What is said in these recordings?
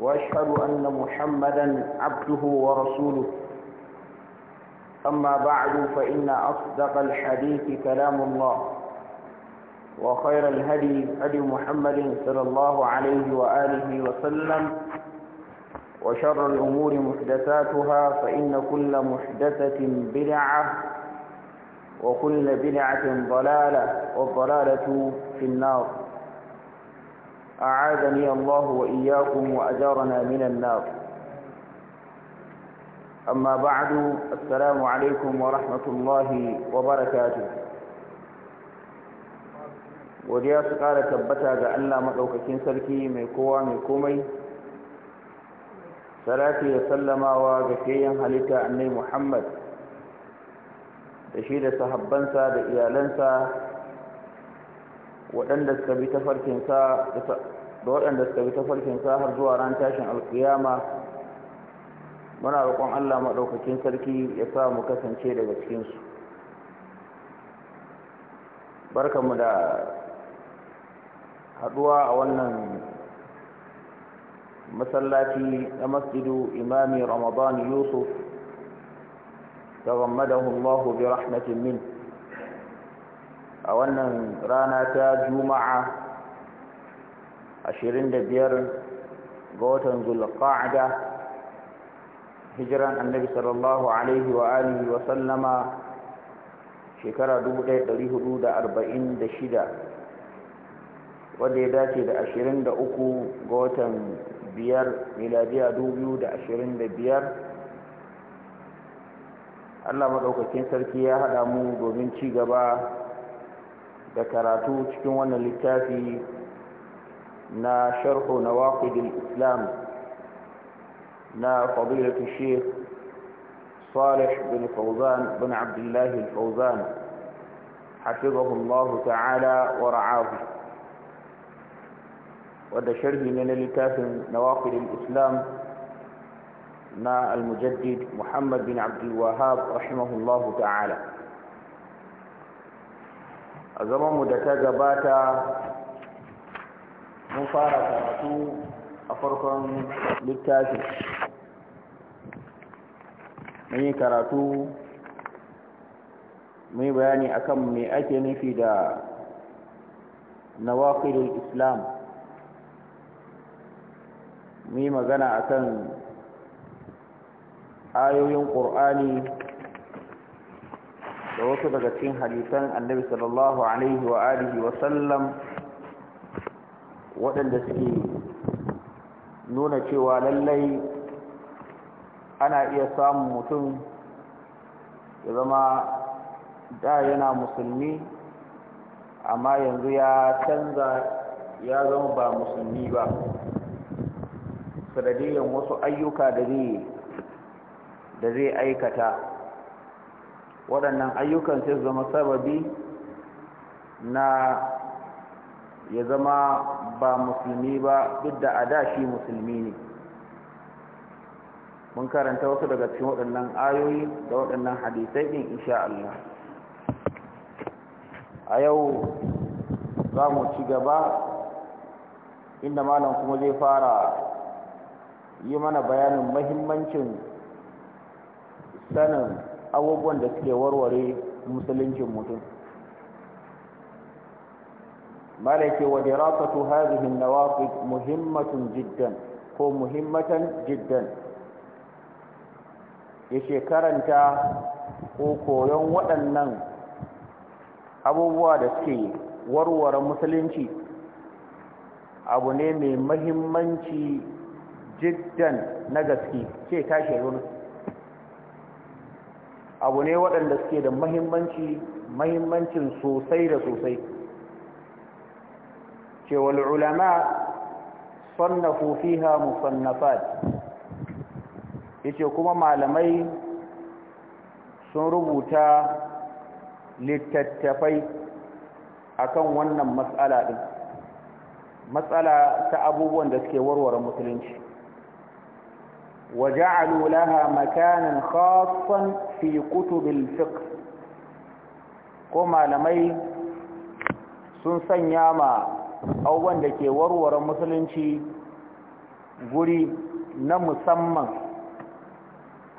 وأشهد أن محمدا عبده ورسوله أما بعد فإن أصدق الحديث كلام الله وخير الهدي هدي محمد صلى الله عليه وآله وسلم وشر الأمور محدثاتها فإن كل محدثة بدعة وكل بدعة ضلالة والضلالة في النار أعاذني الله وإياكم وأجارنا من النار أما بعد السلام عليكم ورحمة الله وبركاته godiya su ƙara tabbata ga Allah maɗaukakin sarki mai kowa mai komai salati da sallamawa ga keyan halitta annai Muhammad da shi sahabbansa da iyalansa waɗanda suka bi tafarkinsa da waɗanda suka bi tafarkin sa har zuwa ran tashin alkiyama muna roƙon Allah maɗaukakin sarki ya sa mu kasance daga cikinsu barkanmu da haɗuwa a wannan masallaci na masjidu imami ramadan yusuf tagammadahu Allah bi rahmatin min a wannan rana ta juma'a ashirin da biyar ga watan zulqa'ada hijiran annabi sallallahu alaihi wa alihi wa sallama shekara dubu ɗaya ɗari hudu da arba'in da shida wanda ya dace da ashirin da uku ga watan biyar miladiya dubu da ashirin da biyar allah maɗaukakin sarki ya haɗa mu domin ci gaba da karatu cikin wannan littafi نا شرح نواقض الإسلام نا فضيلة الشيخ صالح بن فوزان بن عبد الله الفوزان حفظه الله تعالى ورعاه ودى شرح من لتاف نواقض الإسلام نا المجدد محمد بن عبد الوهاب رحمه الله تعالى أزمان zamanmu da mun fara karatu a farkon littafin mun yi karatu mun yi bayani akan me ake nufi da nawaqidul islam mun yi magana akan ayoyin ƙur'ani da wasu daga cikin hadisan annabi sallallahu alaihi wa alihi waɗanda suke nuna cewa lallai ana iya samun mutum ya zama da yana musulmi amma yanzu ya canza ya zama ba musulmi ba sadadiyan wasu ayyuka da zai da zai aikata waɗannan ayyukan sai zama sababi na ya zama ba musulmi ba duk da a da shi musulmi ne mun karanta wasu daga cikin waɗannan ayoyi da waɗannan hadisai in insha Allah a yau za mu ci gaba inda malam kuma zai fara yi mana bayanin mahimmancin sanin abubuwan da suke warware musuluncin mutum malaki wa dirasatu hadhihi an-nawaqid muhimmatun jiddan ko muhimmatan jiddan yace karanta ko koyon waɗannan abubuwa da suke warware musulunci abu ne mai muhimmanci jiddan na gaske ce tashi ruwan abu ne waɗanda suke da mahimmanci muhimmancin sosai da sosai ce ulama sannafu fiha musannafat yace kuma malamai sun rubuta littattafai akan wannan matsala din matsala ta abubuwan da suke warware musulunci وجعلوا لها مكانا fi kutubil كتب Ko malamai sun sanya ma. abubuwan da ke warware musulunci guri na musamman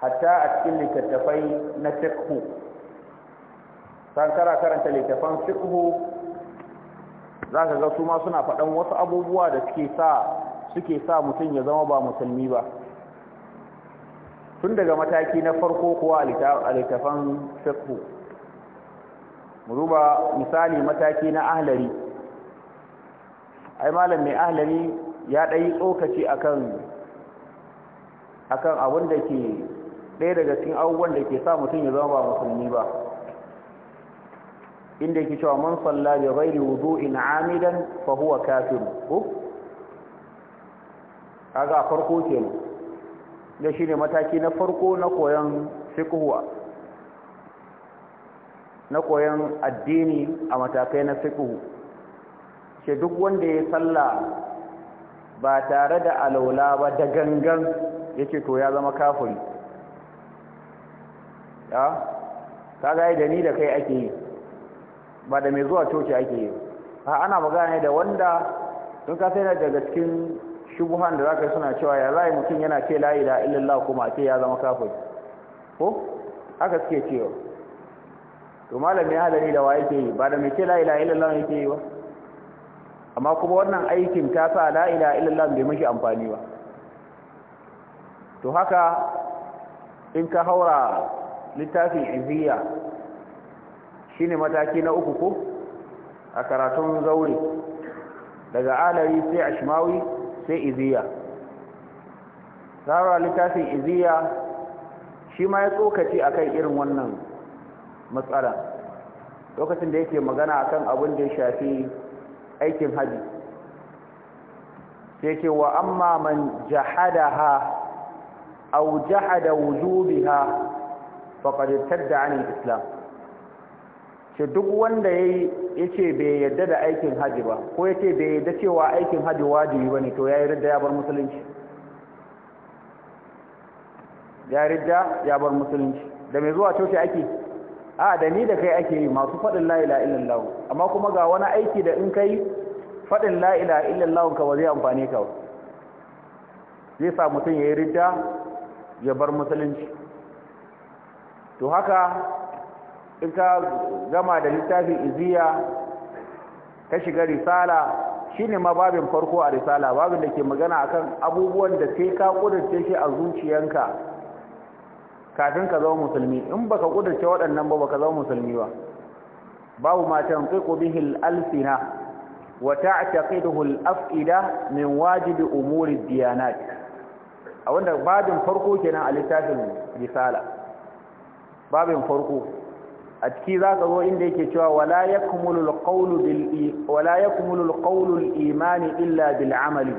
hatta a cikin littattafai na fikhu san karanta littattafan fikhu za ka ga su ma suna faɗan wasu abubuwa da suke sa suke sa mutum ya zama ba musulmi ba tun daga mataki na farko kuwa a littattafan fikhu mu duba misali mataki na ahlari ai malam mai ahlami ya ɗayi tsokaci akan akan abin da ke ɗaya daga cikin abubuwan da ke sa mutum ya zama ba musulmi ba inda yake cewa man salla bi ghairi wudu'in amidan fa huwa kafir ko kaga farko kenan da shine mataki na farko na koyon fiqhu na koyon addini a matakai na fiqhu ce duk wanda ya salla ba tare da alaula ba da gangan yake to ya zama kafiri ya kaga da ni da kai ake yi ba da mai zuwa coci ake yi ha ana magana ne da wanda sun ka sai daga cikin shubuhan da zaka yi suna cewa ya zai mutum yana ce la ilaha illallah kuma a ce ya zama kafiri ko haka suke cewa to malam ya hada ni da wa yake yi ba da mai ce la ilaha illallah yake yi ba amma kuma wannan aikin ta sa la ilaha illallah bai mashi amfani ba to haka in ka haura littafin iziya shine mataki na uku ko a karatun zaure daga alari sai ashmawi sai iziya zaura littafin iziya shi ma ya tsokaci akan irin wannan matsala lokacin da yake magana akan abin da ya shafi aikin haji sai ce wa amma man jahada ha au jahada wujubiha ha tadda da anin islam ce duk wanda ya ce bai yadda da aikin haji ba ko ya ce bai yadda cewa aikin haji wajibi ne to ya yi ridda ya bar musulunci ya ridda ya bar musulunci da mai zuwa coci ake a da ni da kai ake yi masu faɗin la ilaha illallah amma kuma ga wani aiki da in kai faɗin la ilaha illallah ka ba zai amfane ka zai sa mutum ya yi ridda ya bar musulunci to haka in ka gama da littafin iziya ka shiga risala shine ma babin farko a risala babin da ke magana akan abubuwan da sai ka kudurce shi a zuciyanka kafin ka zama musulmi in baka kudurce waɗannan ba baka zama musulmi ba babu ma tanqiqu bihi al-alsina wa ta'taqiduhu al-af'ida min wajibi umuri diyanat a wanda babin farko kenan a littafin risala babin farko a ciki zaka zo inda yake cewa wala yakmulu al-qawlu bil illa bil amali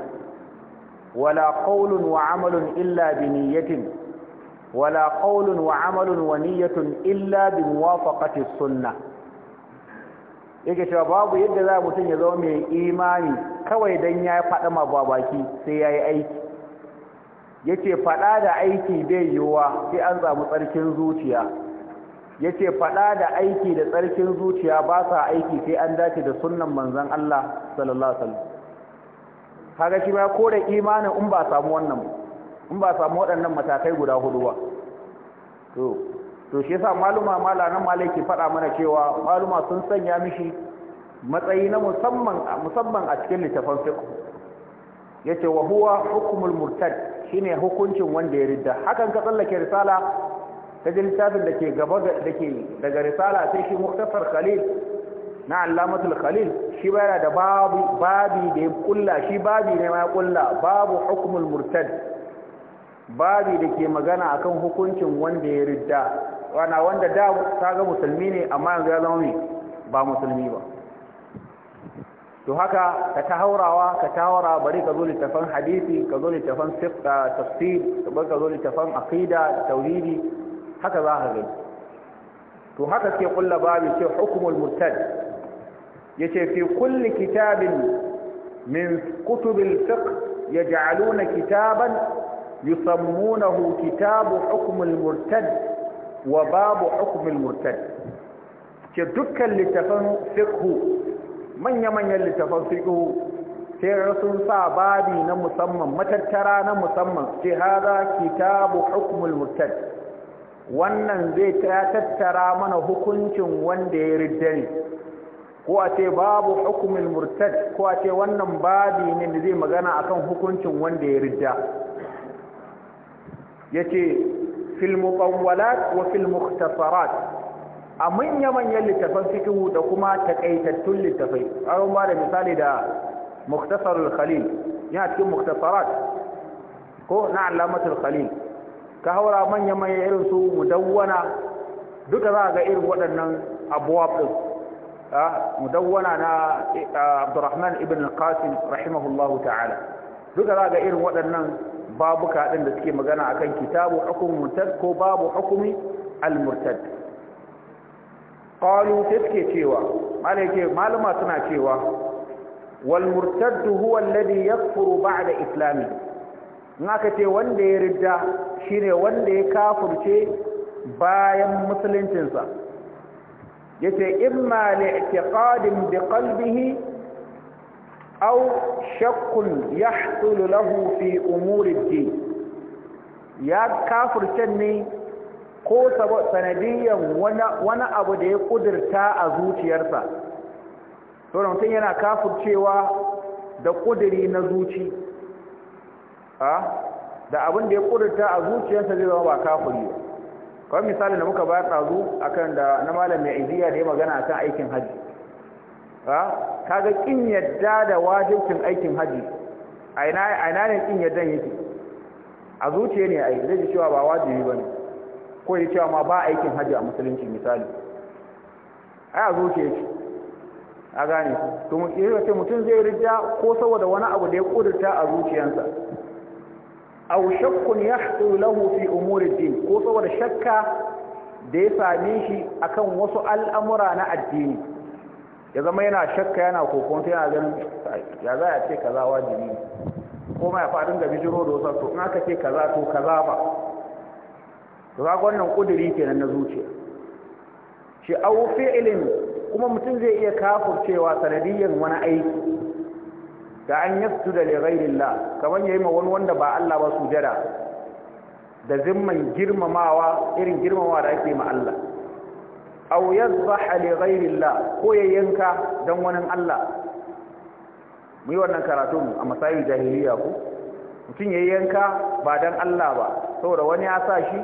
wala qawlun wa amalun illa bi niyyatin ولا قول wa ونية wa niyyatun illa yake cewa babu yadda za mutum ya zama mai imani kawai dan ya faɗa ma baki sai ya yi aiki ce faɗa da aiki bai yiwuwa sai an samu tsarkin zuciya ce faɗa da aiki da tsarkin zuciya ba sa aiki sai an dace da sunnan manzon Allah sallallahu alaihi wasallam kaga shi ma kore imanin in ba samu wannan ba in ba samu waɗannan matakai guda hudu ba to to shi yasa maluma malanan faɗa mana cewa maluma sun sanya mishi matsayi na musamman musamman a cikin littafin fiqh yace wa huwa hukmul murtad shine hukuncin wanda ya ridda hakan ka tsallake risala ta ji littafin da ke gaba da ke daga risala sai shi muktasar khalil na allamatul khalil shi bayana da babu babi da ya kulla shi babi ne ma ya kulla babu hukmul murtad babi da ke magana akan hukuncin wanda ya ridda wana wanda da ta ga musulmi ne amma yanzu ya zama ne ba musulmi ba to haka ka ta haurawa ka ta haura bari ka zo littafan hadisi ka zo littafan sifta, tafsir ka zo littafan aqida tauridi, haka za ka gani to haka ke kulla babi ce hukumul murtad yace fi kulli kitabin min kutubil fiqh yaj'aluna kitaban yusammunahu kitabu hukmul murtad wa babu hukmul murtad ce dukkan littafan fiqhu manya-manyan littafan fiqhu sai sun sa babi na musamman matattara na musamman ce hada kitabu hukmul murtad wannan zai tattara mana hukuncin wanda ya riddani, ko a ce babu hukumul murtad ko a ce wannan babi ne da zai magana akan hukuncin wanda ya ridda yace fil muqawwalat wa fil mukhtasarat a manya-manyan littafan fikihu da kuma takaitattun littafai an ba da misali da mukhtasarul khalil ya cikin mukhtasarat ko na alamatul khalil ka haura manya-manyan irin su mudawwana duka za ga irin waɗannan abuwab din ah, mudawwana na eh, Abdurrahman ibn Qasim rahimahullahu ta'ala duka za ga irin waɗannan Babu kaɗin da suke magana akan kitabu hukum murtad ko babu hukumi al-murtad qalu suke cewa malama suna cewa wal murtad huwa alladhi yakfuru da islami Na aka ce wanda ya ridda shine wanda ya kafurce bayan musuluncinsa yace imma ƙadin bi ƙalbihi أو شك يحصل له في أمور الدين يا كافر تني ko sanadiyan wani abu da ya kudirta a zuciyarsa to don mutum yana kafurcewa da kudiri na zuci da abin da ya kudirta a zuciyarsa zai zama ba kafuri ba kawai misali da muka bayar tsazu akan da na malam mai idiya da ya magana akan aikin hajji kaga kin yadda da wajibcin aikin haji a ina ne kin yaddan yake a zuciya ne ai zai cewa ba wajibi bane ko ya cewa ma ba aikin haji a musulunci misali ai a zuciya yake a gane to mutum mutum zai rija ko saboda wani abu da ya kudurta a zuciyarsa aw shakkun yahsul lahu fi umuri din ko saboda shakka da ya same shi akan wasu al'amura na addini ya zama yana shakka yana sai yana ganin ya za a ce kaza wajibi ko ma ya faɗin da bijiro da wasu to in aka ce kaza to kaza ba to ga wannan kuduri kenan na zuciya shi au fi'lin kuma mutum zai iya kafurcewa sanadiyyar wani aiki da an su da lighairillah kaman yayi ma wani wanda ba Allah ba su jada. da zimman girmamawa irin girmamawa da ake ma Allah aw yadhbaha li ghayrillah ko ya yanka dan wani Allah mu yi wannan karatun a masayi jahiliya ku mutum ya yanka ba dan Allah ba saboda wani ya sa shi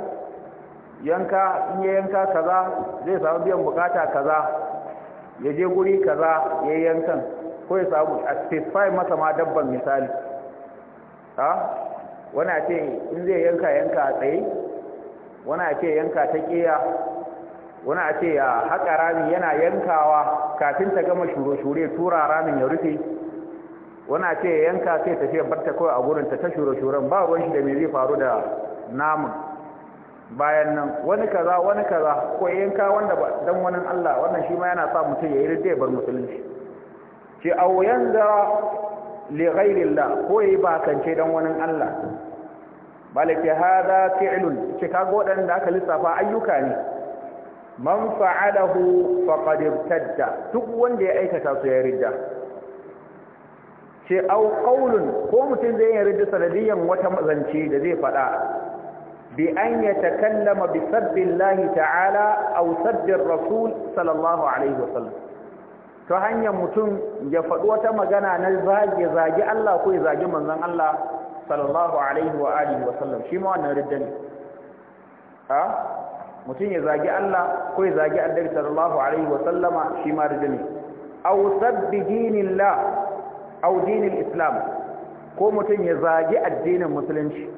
yanka in ya yanka kaza zai samu biyan bukata kaza ya je guri kaza ya yankan ko ya samu a specify masa ma dabban misali ha wani ya ce in zai yanka yanka a tsaye wani a ce yanka ta ƙiya wani a ce ya haƙa rami yana yankawa kafin ta gama shure-shure tura ramin ya rufe wani a ce ya yanka sai tafiya barta kawai a gurin ta ta shure-shuren ba ruwan shi da mai zai faru da namun bayan nan wani kaza wani kaza ko yanka wanda ba don wani Allah wannan shi ma yana sa mutum ya yi ridda bar musulunci ce aw ko yayi bakance dan wani Allah balake hada fi'lun ce kaga da aka lissafa ayyuka ne man fa'alahu faqad irtadda duk wanda ya aikata su ya ridda ce au qaulun ko mutum zai yi ridda sanadiyan wata mazanci da zai fada bi an yatakallama bi sabbillahi ta'ala aw sabbir rasul sallallahu alaihi wasallam ta hanyar mutum ya faɗi wata magana na zage zage Allah ko ya zage manzon Allah sallallahu alaihi wa alihi wasallam shi ma wannan ridda ne ha mutum ya zagi Allah ko ya zagi Annabi sallallahu alaihi wa sallama shi ma da dani aw sabbi dinillah aw dinil islam ko mutum ya zagi addinin musulunci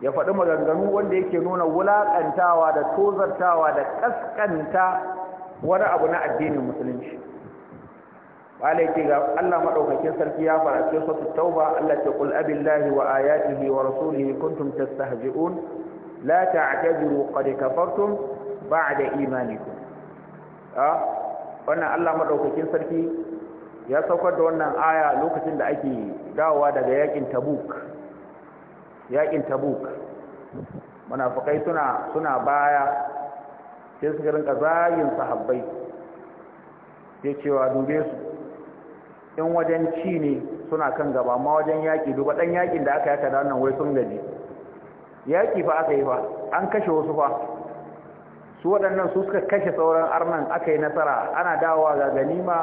ya faɗi maganganu wanda yake nuna wulaƙantawa da tozartawa da ƙasƙanta wani abu na addinin musulunci Wale yake ga Allah madaukakin sarki ya fara cikin tauba Allah ce qul abillahi wa ayatihi wa rasulihi kuntum tastahzi'un la ta'tabiru qad kafartum ba'da imanikum ah wannan Allah maɗaukakin sarki ya saukar da wannan aya lokacin da ake dawowa daga yakin Tabuk yakin Tabuk munafikai suna suna baya sai suka rinka zayin sahabbai sai cewa dube su in wajen ci ne suna kan gaba ma wajen yaƙi duba ɗan yaƙin da aka yaka da wannan wai sun gaji yaƙi fa aka yi fa an kashe wasu fa su waɗannan su suka kashe sauran arnan aka yi nasara ana dawowa ga ganima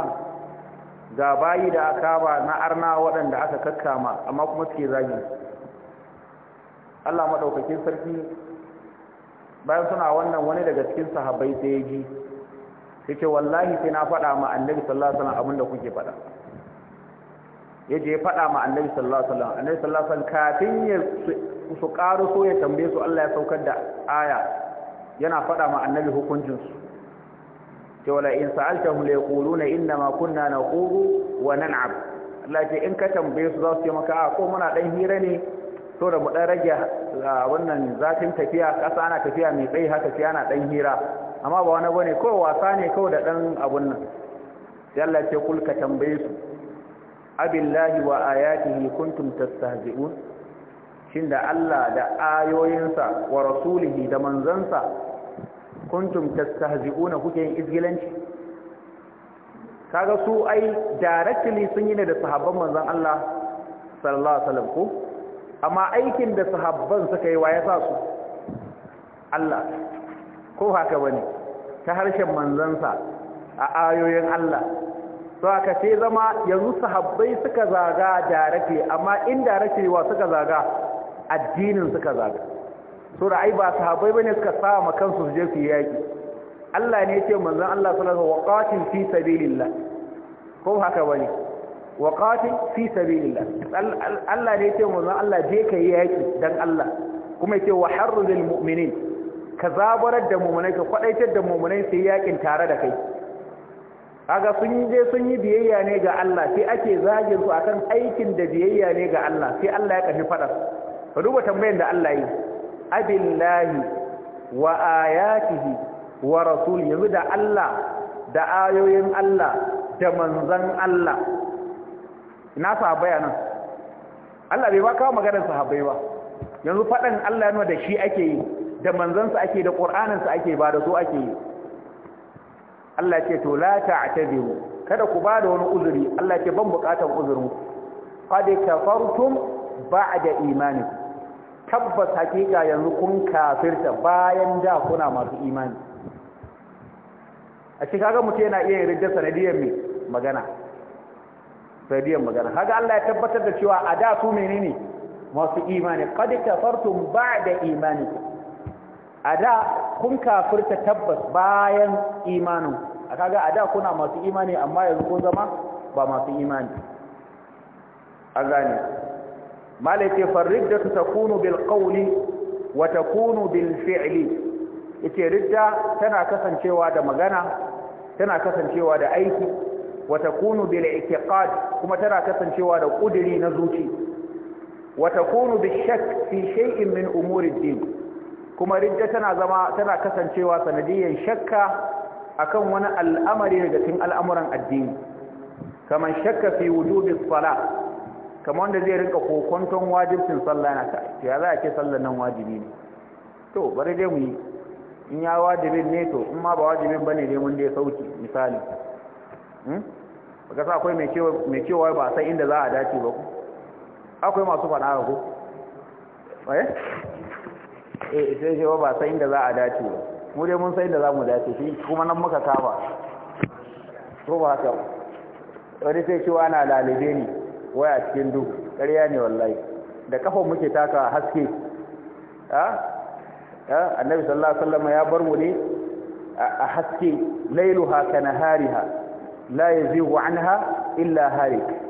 ga bayi da aka ba na arna waɗanda aka kakkama amma kuma suke zagi Allah maɗaukakin sarki bayan suna wannan wani daga cikin sahabbai sai ya ji sai ce wallahi sai na faɗa ma annabi sallallahu alaihi wasallam abin da kuke faɗa ya je ya faɗa ma annabi sallallahu alaihi wasallam annabi sallallahu alaihi wasallam kafin ya su ƙaro so ya tambaye su Allah ya saukar da aya yana faɗa ma annabi hukuncin su ce wala in sa'altahum la yaquluna inna ma kunna naqulu wa nan'ab Allah ce in ka tambaye su za su ce maka a ko muna dan hira ne to da mu dan rage wannan zafin tafiya kasa ana tafiya mai tsayi haka sai ana dan hira amma ba wani bane ko wasa ne kawai da dan abun nan sai Allah ce ka tambaye su abillahi wa ayatihi kuntum tastahzi'un shin da Allah da ayoyinsa wa rasulihi da manzansa kuntum tastahzi'un kuke yin izgilanci kaga su ai directly sun yi ne da sahabban manzon Allah sallallahu alaihi wasallam ko amma aikin da sahabban suka yi wa ya sa su Allah ko haka bane ta harshen manzansa a ayoyin Allah to aka sai zama yanzu sahabbai suka zaga darake amma indirectly wa suka zaga addinin suka zaga so da ai ba sahabbai bane suka sa ma kansu su je su yaki Allah ne yake manzon Allah sallallahu alaihi wasallam waqatil fi sabilillah ko haka bane waqatil fi sabilillah Allah ne yake manzon Allah je ka yaki dan Allah kuma yake wa harrul mu'minin ka zabarar da mu'minai ka kwadaitar da mu'minai su yakin tare da kai kaga sun je sun yi biyayya ne ga Allah sai ake zagin su akan aikin da biyayya ne ga Allah sai Allah ya kafi fadar ka duba tambayar da Allah yi abillahi wa ayatihi wa rasul yanzu da Allah da ayoyin Allah da manzan Allah ina sa nan Allah bai ba kawo maganar sahabbai ba yanzu fadan Allah ne da shi ake yi da manzansa ake da qur'aninsa ake ba da su ake yi Allah ce to la ta'tabiru kada ku bada wani uzuri Allah ce ban bukatan uzurin qad kafartum ba'da imanikum tabbas hakika yanzu kun kafirta bayan da kuna masu imani a cikin kaga mutum yana iya yin rijjar sanadiyar mai magana sanadiyar magana kaga Allah ya tabbatar da cewa a da su menene masu imani qad kafartum ba'da imanikum a da kun kafirta tabbas bayan imanin a kaga a da kuna masu imani amma yanzu kun zama ba masu imani a gane malaka farridda takunu bil qawli wa takunu bil fi'li yace ridda tana kasancewa da magana tana kasancewa da aiki wa takunu bil i'tiqad kuma tana kasancewa da kudiri na zuci wa takunu bil shakk fi shay'in min umuri ad kuma Rijja tana zama tana kasancewa sanadiyyar shakka akan wani al'amari daga cikin al'amuran addini kamar shakka fi wujubi sala kamar wanda zai rinka kokonton wajibcin sallah na ta ya za a ce sallar nan wajibi ne to bari dai mu yi in ya wajibin ne to in ma ba wajibin bane ne mun dai sauki misali hmm? baka sa akwai mai cewa ba sai inda za a dace ba ku akwai masu faɗa ko eh Eh, sai ce ba sai inda za a dace ba mu dai mun sai inda za mu dace shi kuma nan muka saba to ba haka wani sai ce ana lalube ni waya cikin duk, ƙarya ne wallahi da kafa muke taka haske ha ha annabi sallallahu alaihi wasallam ya bar mu ne a haske lailuha kana hariha, la yazihu anha illa harik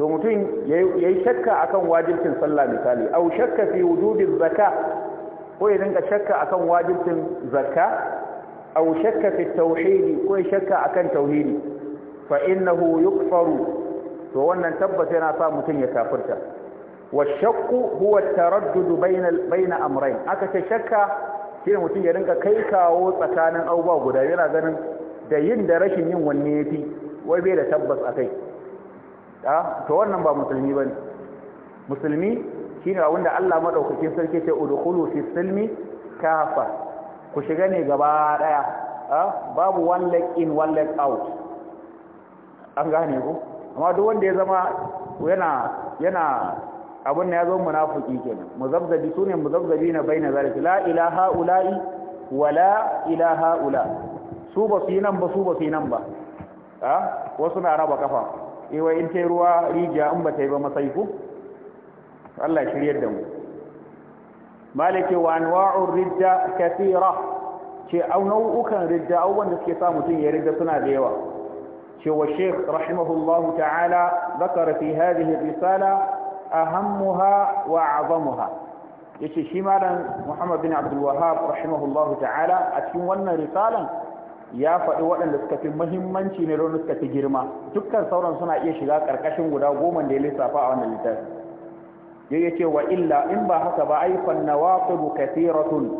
to mutum yayi shakka akan wajibcin sallah misali au shakka fi wujudiz zakka ko ya dinga shakka akan wajibcin zakka au shakka fi tauhidi ko ya shakka kan tauhidi fa innahu yukfaru to wannan tabbata yana sa mutum ya kafirta wa shakku huwa taraddud bayna bayna amrayn aka ce shakka shi mutum ya dinga kai kawo tsakanin abubuwa guda yana ganin da yin da rashin yin wanne yafi wai bai da tabbas akai da to wannan ba musulmi bane musulmi shine wanda Allah madaukakin sarki ce udkhulu fi silmi kafa ku shiga ne gaba daya babu one leg in one leg out an gane ku amma duk wanda ya zama yana yana abun ne ya zo munafiki kenan muzabzabi sune na baina zalika la ilaha ula'i wala ilaha ula su ba su yi nan ba su ba su yi nan ba wasu na raba kafa iwa eh, in ta ruwa rijiya in ba ta yi ba masai ku Allah shiryar da mu malike wa anwa'ur ridda kathira ce au nau'ukan ridda au wanda suke sa mutum ya ridda suna da yawa ce wa sheikh rahimahullahu ta'ala zakara fi hadhihi risala ahammuha wa azamuha yace shi malam Muhammad bin Abdul Wahhab rahimahullahu ta'ala a cikin wannan risalan ya faɗi waɗanda suka fi muhimmanci ne don suka fi girma dukkan sauran suna iya shiga ƙarƙashin guda goma da ya lissafa a wannan littafi ya ce wa illa in ba haka ba aifan na waƙudu kathiratun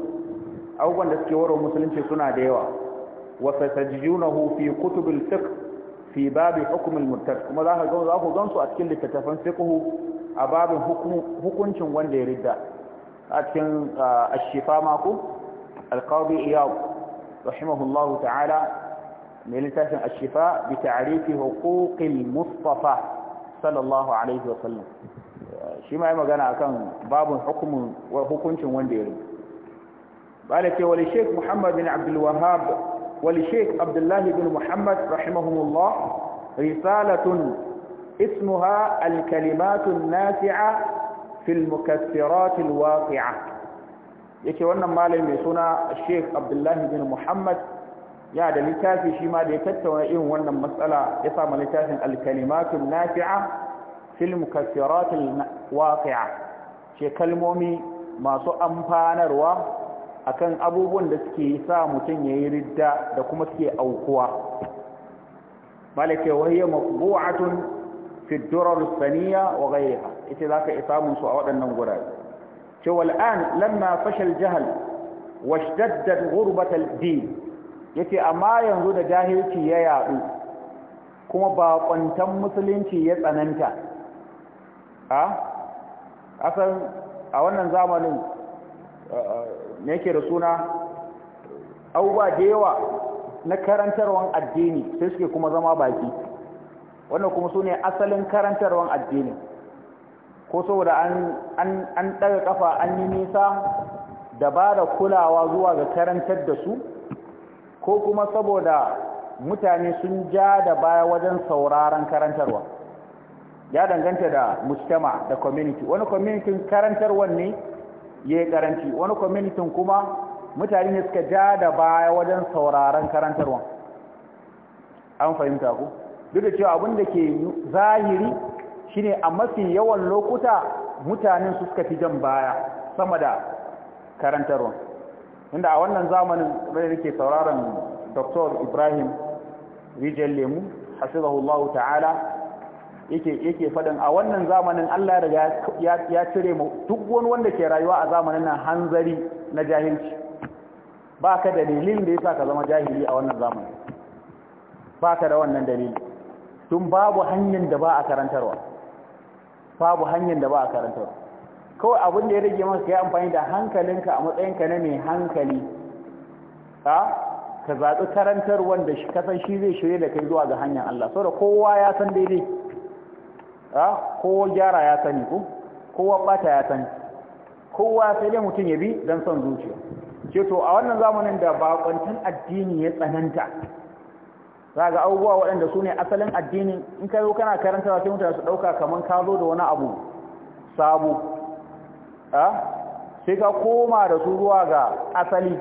abubuwan da suke wara musulunci suna da yawa wa satajjunahu fi kutubil fiqh fi babi hukmul mutar. kuma za ka gan za ku gansu a cikin littattafan fiqh a babin hukuncin wanda ya ridda a cikin ashifa mako alqadi iyad رحمه الله تعالى ملتاس الشفاء بتعريف حقوق المصطفى صلى الله عليه وسلم شما ما كان عن باب حكم وحكم وندير بالك ولشيخ محمد بن عبد الوهاب ولشيخ عبد الله بن محمد رحمه الله رسالة اسمها الكلمات النافعة في المكسرات الواقعة yake wannan malami mai suna sheikh abdullahi bin muhammad ya da littafi shi ma da ya tattauna irin wannan matsala ya samu littafin alkalimatun nafi'a fil mukaffiratil waqi'a ce kalmomi masu amfanarwa akan abubuwan da suke sa mutum yayi ridda da kuma suke aukuwa malaka wahiya maqbu'atun fi durar saniya wa ghayriha ita zaka isamu su a waɗannan gurare cewa al'an lamma fashal jihar washtaddat ghurbatal din yace amma yanzu da jahilci ya yadu kuma baƙwantan musulunci ya tsananta a asan a wannan zamanin ne yake da suna abubuwa da yawa na karantarwan addini sai suke kuma zama baki wannan kuma su ne asalin karantarwan addini ko saboda an ɗaga ƙafa an yi nisa da ba da kulawa zuwa ga karantar da su ko kuma saboda mutane sun ja da baya wajen sauraron karantarwa ya danganta da mujtama da community wani community karantarwan ne ya yi karanci wani community kuma mutane ne suka ja da baya wajen sauraron karantarwa an fahimta ku duk da cewa abin da ke zahiri shine a mafi yawan lokuta mutanen su suka fi jan baya sama da karantarwa inda a wannan zamanin rai rike sauraron dr ibrahim rijal lemu hasirahullahu ta'ala yake fadin a wannan zamanin Allah ya ya cire mu duk wani wanda ke rayuwa a zamanin nan hanzari na jahilci Ba ka dalilin da sa ka zama jahili a wannan zamanin ba ka da wannan dalilin. tun babu hanyar da ba a karantarwa babu hanyar da ba a karanta kawai abin da ya rage maka ya amfani da hankalinka a matsayinka na mai hankali ha ka zaɓi karantar wanda kasan shi zai shirye da kai zuwa ga hanyar Allah saboda kowa ya san daidai ha kowa gyara ya sani ko kowa bata ya sani kowa sai dai mutum ya bi dan son zuciya ce to a wannan zamanin da baƙwantan addini ya tsananta za ga abubuwa waɗanda su ne asalin addini in ka zo kana karanta sai mutane su ɗauka kamar ka zo da wani abu sabu sai ka koma da su zuwa ga asali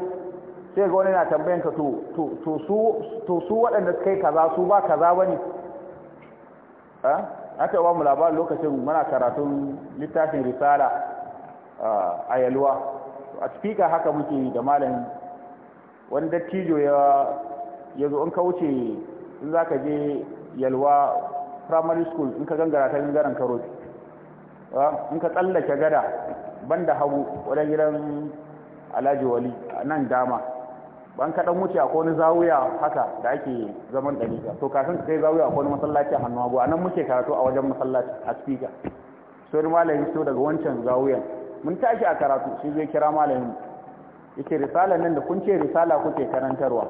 sai ga wani na tambayan ka to su waɗanda su kai kaza su ba kaza ba ne a ta ba mu labarin lokacin mana karatun littafin risala a yalwa a cikin haka muke da malamin wani dattijo ya Ya zo in ka wuce in za ka je yalwa primary school in ka gangara ta yin gangaren karo in ka tsallake gada ban da hagu wadda gidan alhaji wali nan dama ban ka dan wuce a wani zawiya haka da ake zaman ɗariƙa to kafin ka kai zawiya a wani masallaci a hannu hagu a nan muke karatu a wajen masallaci a speaker sai malamin so daga wancan zawuyan, mun tashi a karatu shi zai kira malamin yake risala nan da kun ce risala kuke karantarwa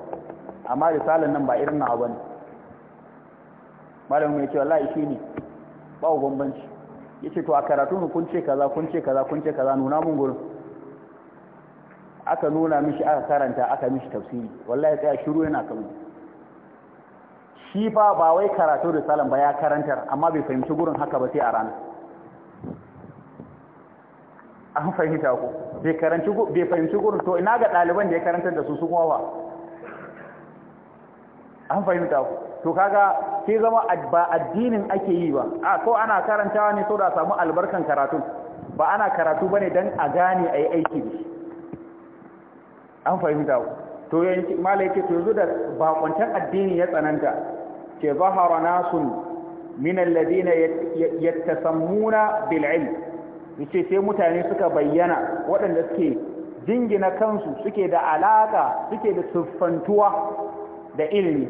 amma risalan nan ba irin na ne, malamin mai ce wallahi shi ne ba bambanci yace to a karatu kun ce kaza kun ce kaza kun ce kaza nuna mun gurin aka nuna mishi aka karanta aka mishi tafsiri wallahi tsaya shiru yana kan shi fa ba wai karatu risalan ba ya karantar amma bai fahimci gurin haka ba sai a rana an fahimta ko bai karanci bai fahimci gurin to ina ga ɗaliban da ya karanta da su su kuma ba an fahimta ku to kaga sai zama ba addinin ake yi ba a ko ana karantawa ne saboda da samu albarkan karatu ba ana karatu bane dan a gane ayi aiki ne an fahimta ku to yayin mala to yanzu da kwantan addini ya tsananta ke zahara nasun min alladhina yatasammuna bil ilm yace sai mutane suka bayyana waɗanda suke jingina kansu suke da alaka suke da tuffantuwa. da ilimi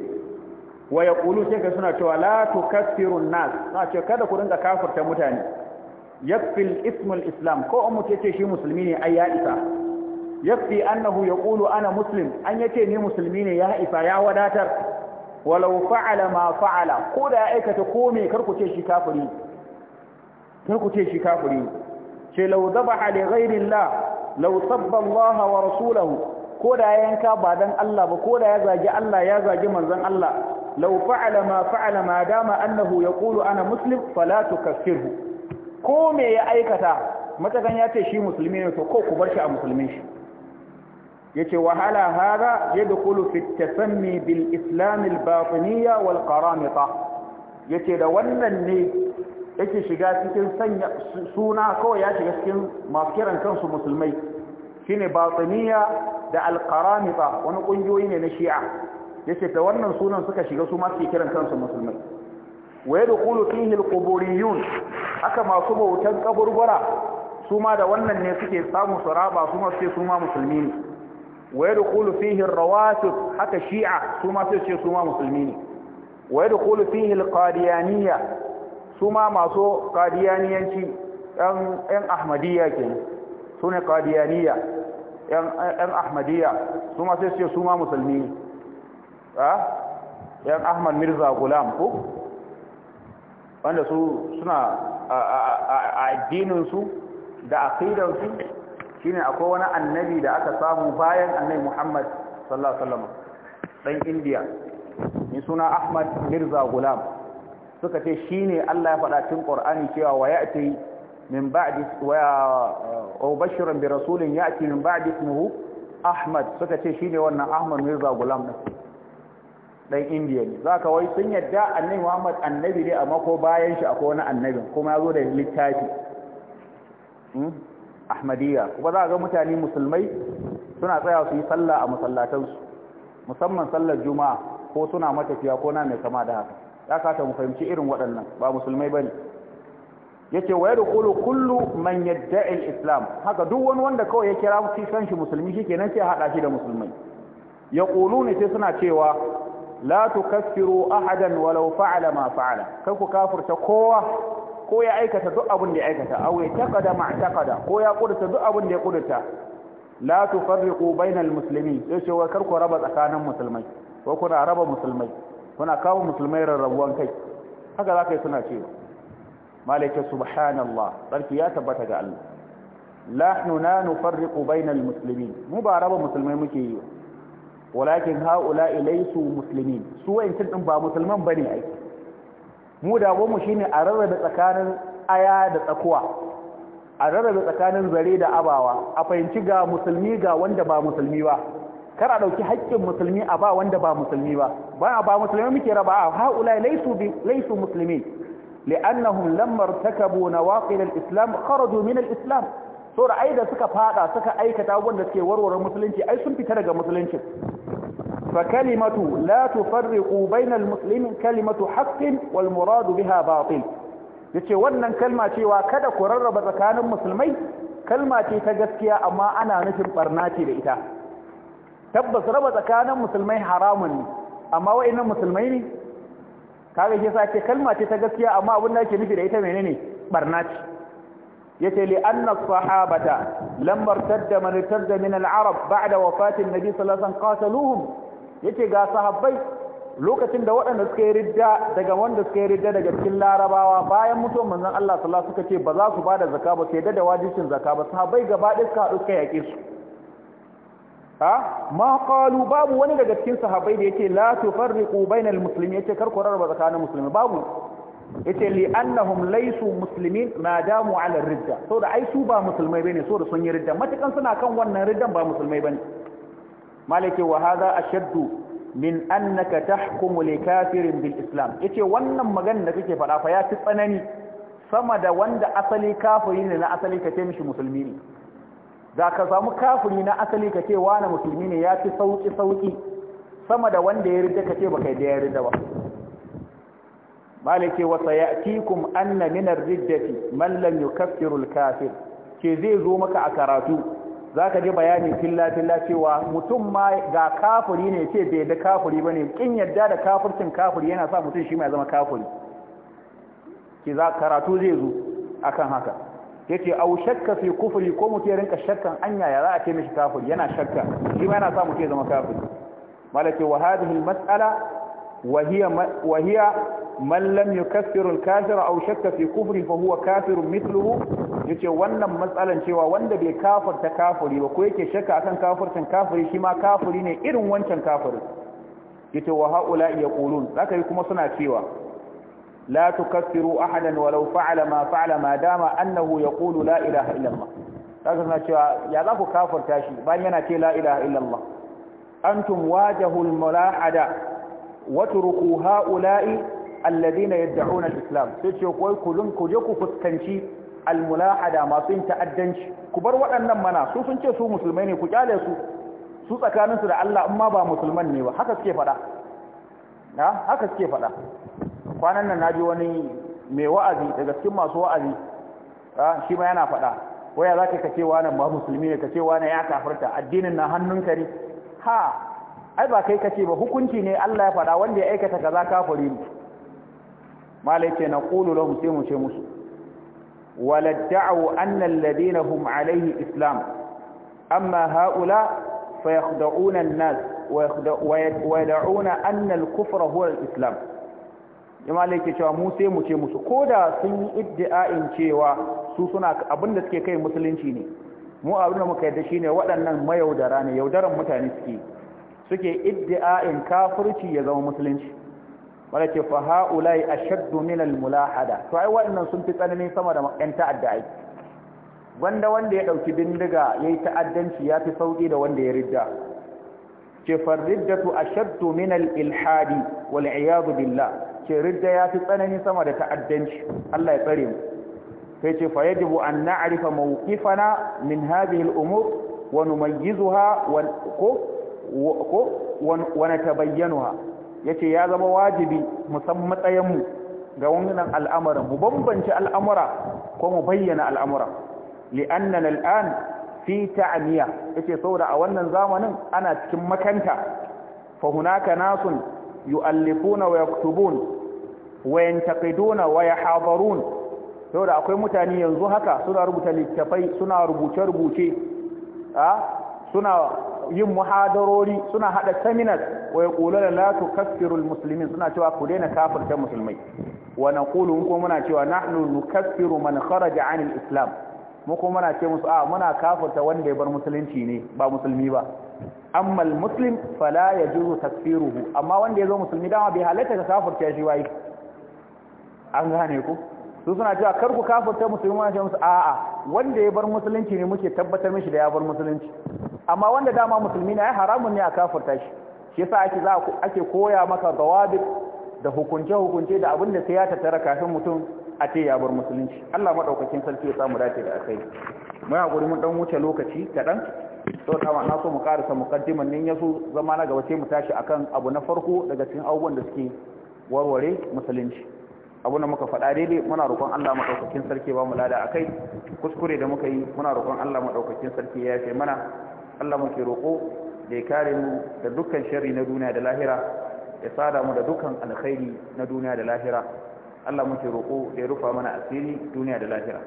wa yaqulu sai ka suna cewa la tukaffirun nas na ce kada ku dinga kafirta mutane yakfil ismul islam ko an mutu ce shi musulmi ne ai ya isa annahu yaqulu ana muslim an yace ni musulmi ne ya isa ya wadatar walau fa'ala ma fa'ala ko da ya aikata ko me kar ku ce shi kafiri kar ku ce shi kafiri ce lau dhabaha li ghayri allah law sabba wa rasulahu ko da ya yanka ba dan Allah ba ko da ya zagi Allah ya zagi manzon Allah law fa'ala ma fa'ala ma dama annahu yaqulu ana muslim fala tukaffirhu ko me ya aikata matakan ya ce shi musulmi ne to ko ku bar shi a musulmin shi yace wahala hada yadkhulu fi at-tasammi bil islam al batiniyya wal qaramita yace da wannan ne yake shiga cikin sanya suna kawai ya shiga cikin masu kiran kansu musulmai shine batiniya da alqaramita wani ƙungiyoyi ne na shi'a Ya ce ta wannan sunan suka shiga su ma suke kiran kansu musulmai wa yadkhulu fihi alquburiyun haka masu bautan kaburbura su ma da wannan ne suke samu suraba su ma suke su ma musulmi ne wa yadkhulu fihi arrawatib haka shi'a su ma suke su ma musulmi ne wa yadkhulu fihi alqadiyaniyya su ma masu ƙadiyaniyanci ɗan ahmadiyya kenan ne ƙadiyaniya. yan ahmadiyya su ma sai su su ma musulmi yan ahmad mirza gulam ko wanda su suna a addininsu da Shi ne akwai wani annabi da aka samu bayan annabi muhammad sallallahu ɗan indiya ni suna ahmad mirza gulam suka ce shi ne Allah ya faɗa cin ƙur'ani cewa wa ya'ti من بعد وبشرا برسول يأتي من بعد اسمه Ahmad suka ce shi ne wannan Ahmad a Gulam ɗin Indiya ne za ka wai sun yadda annabi Muhammad annabi ne amma ko bayan shi akwai wani annabin kuma ya zo da littafi Ahmadiyya kuma za ga mutane musulmai suna tsaya su yi sallah a masallatansu musamman sallar juma'a ko suna matafiya ko na mai kama da haka ya kata mu fahimci irin waɗannan ba musulmai ba ne yace wa yadkhulu kullu man yadda'i al-islam haka duk wani wanda kawai ya kira shi san shi musulmi shikenan sai hada shi da musulmai yaquluna sai suna cewa la tukaffiru ahadan walau fa'ala ma fa'ala kai ku kafirta kowa ko ya aikata duk abin da ya aikata aw ya taqada ma taqada ko ya kudurta duk abin da ya kudurta la tufarriqu bainal muslimin yace wa kar ku raba tsakanin musulmai ko kuna raba musulmai kuna kawo musulmai rarrabuwan kai haka zakai suna cewa malaka subhanallah sarki ya tabbata ga Allah nahnu la nufarriqu bainal muslimin mu ba raba musulmai muke yi walakin haula ilaysu muslimin su wayancin din ba musulman bane ai mu da wamu shine a rarrabe tsakanin aya da tsakuwa a rarrabe tsakanin zare da abawa a fahimci ga musulmi ga wanda ba musulmi ba kar a dauki haƙƙin musulmi a ba wanda ba musulmi ba ba ba musulmi muke raba haula laysu laysu muslimin li'annahum lamma irtakabu nawaqil al-islam kharaju min islam saboda ai da suka faɗa suka aikata wanda suke warware musulunci ai sun fita daga musulunci fa kalimatu la tufarriqu bainal muslimin kalimatu haqqin walmuradu murad biha batil yace wannan kalma cewa kada ku rarraba tsakanin musulmai kalma ce ta gaskiya amma ana nufin barna ce da ita tabbas raba tsakanin musulmai haramun ne amma wa'annan musulmai ne kaga shi yasa ce kalma ce ta gaskiya amma abin da yake nufi da ita menene barna ce yace li anna sahabata lamma irtadda man irtadda min al-arab ba'da wafatin nabi sallallahu alaihi wasallam qataluhum yace ga sahabbai lokacin da waɗanda suka yi ridda daga wanda suka yi ridda daga cikin larabawa bayan mutuwar manzon Allah sallallahu alaihi wasallam suka ce ba za su bada zakka ba sai da wajibin zakka ba sahabbai gaba ɗaya suka haɗu suka yaƙe su ha ma qalu babu wani daga cikin sahabbai da yake la tufarriqu bainal muslimin yace kar ku rarraba tsakanin musulmi babu yace li annahum laysu muslimin ma damu ala ridda saboda ai su ba musulmai bane da sun yi ridda matakan suna kan wannan riddan ba musulmai bane malike wa hadha ashaddu min annaka tahkumu li kafirin bil islam yace wannan magana da kake faɗa fa ya fi tsanani sama da wanda asali kafiri ne na asali ka ce mishi musulmi ne za ka samu kafuri na asali ka ce wane musulmi ne ya fi sauki sauki sama da wanda ya rida ka ce kai da ya rida ba malike ya sayatikum anna min ar-riddati man lam kafir ce zai zo maka a karatu zaka ji bayani filla cewa mutum ma ga kafuri ne ce bai da ba ne. kin yadda da kafurcin kafuri yana sa mutum shi mai zama kafuri ki za karatu zai zo akan haka yace au shakka fi kufuri ko mutum ya rinka shakkan anya ya za a ce mishi kafir yana shakka shi ma yana sa mutum ya zama kafir malaka wa hadhihi almas'ala wa hiya wa hiya man lam aw shakka fi kufri fa huwa kafirun mithluhu yace wannan matsalan cewa wanda bai kafirta kafiri ba ko yake shakka akan kafircin kafiri shi ma kafiri ne irin wancan kafirin yace wa haula yaqulun zaka yi kuma suna cewa لا تكفروا أحدا ولو فعل ما فعل ما دام أنه يقول لا إله إلا الله لازم نشوى يا ذاك كافر تاشي بان ينتي لا إله إلا الله أنتم واجهوا الملاحدة وتركوا هؤلاء الذين يدعون الإسلام سيتشوى قوي كلهم كجوكو فتكنشي الملاحدة ما سين تأدنش كبر وأنا منا سو سنشي سو مسلمين كجالي سو سو تكاننسو لألا أما با مسلمان نيوى حكا سكيف هذا حكا سكيف هذا kwanan nan naji wani mai wa'azi daga cikin masu wa'azi ah, shi ma yana faɗa waya za ka kace wani ba musulmi ne kace wani ya kafarta. addinin na hannunka kari ha ai ba kai kace ba hukunci ne Allah ya faɗa wanda ya aikata kaza kafiri ne malai ce na qulu lahum sai mu ce musu wala da'u anna hum alaihi islam amma haula fa yakhda'una an-nas wa yakhda'una anna al-kufra huwa al-islam jama'a yake cewa mu sai mu ce musu ko da sun yi iddia'in cewa su suna abinda suke kai musulunci ne mu abin da muka yadda shine waɗannan mayaudara ne yaudaran mutane suke suke iddia'in kafirci ya zama musulunci wanda ce fa ha'ulai ashaddu min al-mulahada to ai waɗannan sun fi tsanani sama da ƴan ta'adda ai wanda wanda ya dauki bindiga yayi ta'addanci ya fi sauki da wanda ya ridda ce fa riddatu ashaddu min al-ilhadi wal iyad billah ce ridda ya fi tsanani sama da ta'addanci Allah ya tsare mu sai ce fa yajibu an na'rifa mawqifana min hadhihi al-umur wa numayyizuha wa ko ko wa natabayyanuha yace ya zama wajibi musamman matsayin mu ga wannan al'amarin mu bambance al'amura ko mu bayyana al'amura li'annana al'an fi ta'niya yace saboda a wannan zamanin ana cikin makanta fa hunaka nasun yu'allifuna wa yaktubun wa yantaqiduna wa yahadarun saboda akwai mutane yanzu haka suna rubuta littafai suna rubuce rubuce suna yin muhadarori suna hada seminars wa yaquluna la tukaffiru almuslimin suna cewa ku daina kafirta musulmai wa naqulu kuma muna cewa nahnu nukaffiru man kharaja anil islam mu kuma muna ce musu a muna kafirta wanda ya bar musulunci ne ba musulmi ba amma almuslim fala yajuzu takfiruhu amma wanda ya zo musulmi dama bai halatta ka kafirta shi wai an gane ku su suna cewa kar ku kafirta musulmi ne musu a'a wanda ya bar musulunci ne muke tabbatar mishi da ya bar musulunci amma wanda dama musulmi ne ya haramun ne a kafirta shi shi yasa ake za ake koya maka gawabi da hukunce hukunce da abin da sai ya tattara kafin mutum a ce ya bar musulunci Allah madaukakin sarki ya samu dace da akai mu ya mun dan wuce lokaci kadan to kama na so mu karasa mukaddiman nin yaso zama na gaba sai mu tashi akan abu na farko daga cikin abubuwan da suke warware musulunci abin da muka faɗa daidai muna roƙon Allah maɗaukakin sarki ba mu lada a kai kuskure da muka yi muna roƙon Allah maɗaukakin sarki ya yafe mana Allah muke roƙo da ya kare mu da dukkan sharri na duniya da lahira ya sada mu da dukkan alkhairi na duniya da lahira Allah muke roƙo da ya rufa mana asiri duniya da lahira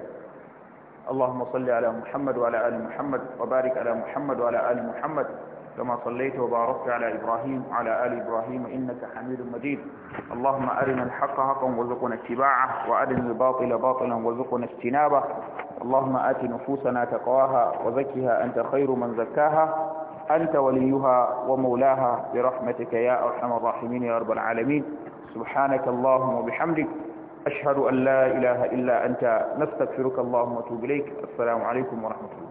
اللهم صل على محمد وعلى آل محمد وبارك على wa وعلى آل محمد كما صليت وباركت على إبراهيم وعلى آل إبراهيم إنك حميد مجيد اللهم أرنا الحق حقا وارزقنا اتباعه وأرنا الباطل باطلا وارزقنا اجتنابه اللهم آت نفوسنا تقواها وزكها أنت خير من زكاها أنت وليها ومولاها برحمتك يا أرحم الراحمين يا رب العالمين سبحانك اللهم وبحمدك أشهد أن لا إله إلا أنت نستغفرك اللهم وتوب إليك السلام عليكم ورحمة الله